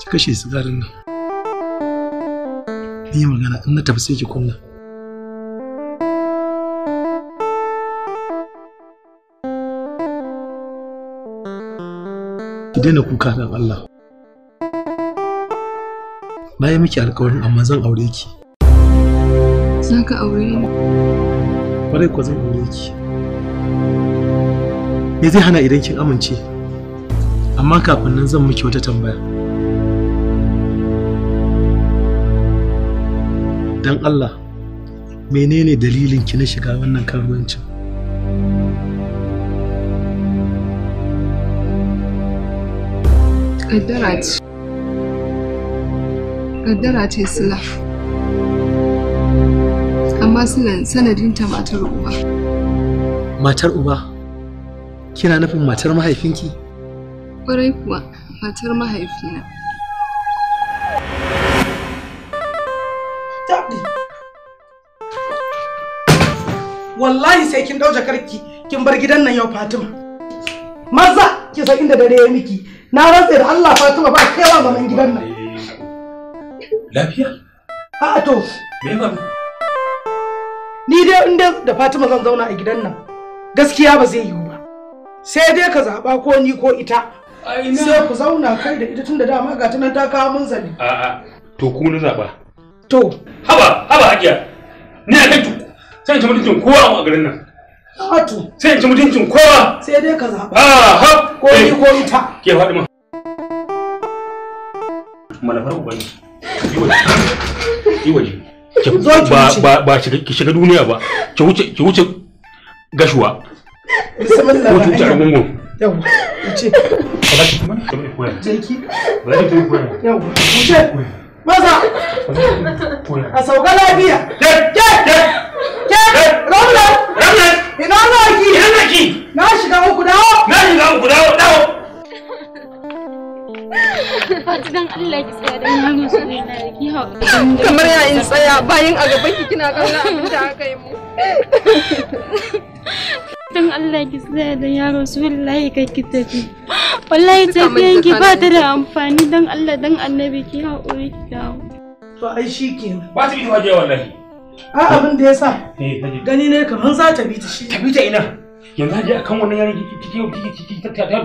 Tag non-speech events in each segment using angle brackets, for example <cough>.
ki kashe sigarin nan ni magana in na tafi sai ki kunna ki daina kuka dan Allah na yi miki alkawarin amma zan aure ki za ka aure ni kwarai ko zan aure ki me zai hana idan kin amince amma kafin nan zan miki wata tambaya don Allah menene dalilin ki na shiga wannan karuwancin kaddara ce kaddara ce sila amma silan sanadinta matar uba matar uba kina nufin matar mahaifinki ƙwarai kuwa matar mahaifina taɓi wallahi sai kin ɗau jakarki kin bar gidan nan yau fatima maza ki san inda dare ya miki na rantse da allah fatima ba kaiwa zaman gidan nan lafiya a'a to me ba ni dai inda da fatima zan zauna a gidan nan gaskiya ba zai yiwu ba sai dai ka zaɓa ko ni ko ita sai ku zauna kai da ita tun da dama ga ta nan ta kawo mun zali a'a to ku na zaɓa To. Haba, haba hajiya. Ni a kai sai in ci mutuncin kowa a garin nan. Wato. Sai in ci mutuncin kowa. Sai dai kaza. Ah, ha. Ko ni eh. ko ita. Ke faɗi ma. Malafar ubani. Yi waje. Yi waje. Ba ba ba ki shiga duniya ba. Ki wuce ki wuce gashuwa. Bismillah. Ko Ba ki kuma ki koya. ki koya. Wuce. Maza. a sauka lafiya ke ke ramla ina naki na shiga uku dawo na shiga uku dawo dawo Fatidan Allah ki tsaya da yaro su ki Kamar ya in tsaya bayan a gaban ki kina aka yi mu. da yaro su wallahi kai ki tafi. Wallahi tafiyan ki ba ta da amfani don Allah don annabi ki haƙuri ki dawo. to ai shi kenan ba ta bi waje wallahi a abin da ya sa eh, gani ne kamar za ta bi ta shi ta bita ta ina yanzu haji akan wannan yarin kike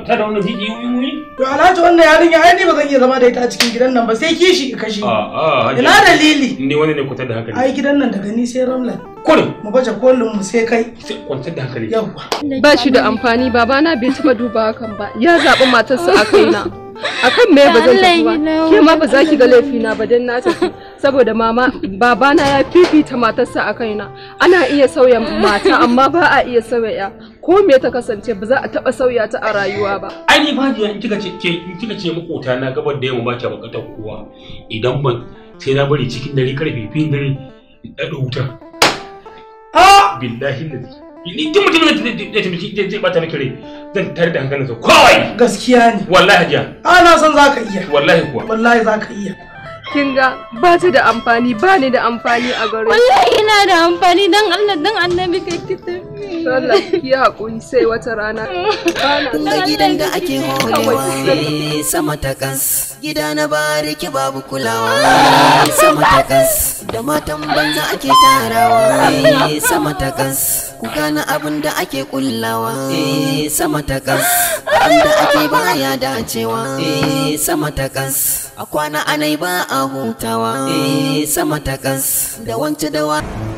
ta da wannan jiki yi yi to alhaji wannan yarin ya ni ba zan iya zama da ita a cikin gidan nan ba sai kishi ka kashe ina dalili ni wani ne kwatar da hankali ai gidan nan da gani sai ramlan kullum mu baje kullum mu sai kai kwantar da ne. yawa ba shi da amfani babana bai taba duba hakan ba ya zaɓi matarsa a kaina akan me ba zan tafi ba ke ma ba za ki ga laifina ba dan na tafi saboda mama babana ya fifita matarsa a kaina ana iya sauya mata amma ba a iya sauya ya ko me ta kasance ba za a taba sauya ta a rayuwa ba ai ni ba in kika ce in kika ce makota na gabar da yamma ba ta bukatar kowa idan ban sai na bari cikin dare karfe fin dare da wuta ha billahi ni duk mutumin da taimaki zai bata miki rai zan tare da hankalin sa kawai gaskiya ne wallahi hajiya ana san ka iya wallahi kuwa wallahi ka iya kin ga ba ta da amfani ba ni da amfani a gare wallahi ina da amfani dan Allah dan annabi kai ki tafi Allah ki hakuri sai wata rana <laughs> na gidan da ake horewa eh, sama ta kas gida na bariki babu kulawa <laughs> sama ta kas da matan banza ake tarawa eh, sama ta kas ku gane abin da ake kullawa eh, sama ta kas abin ake baya dacewa eh, sama ta a kwana anai ba a hutawa sama ta da wance dawa.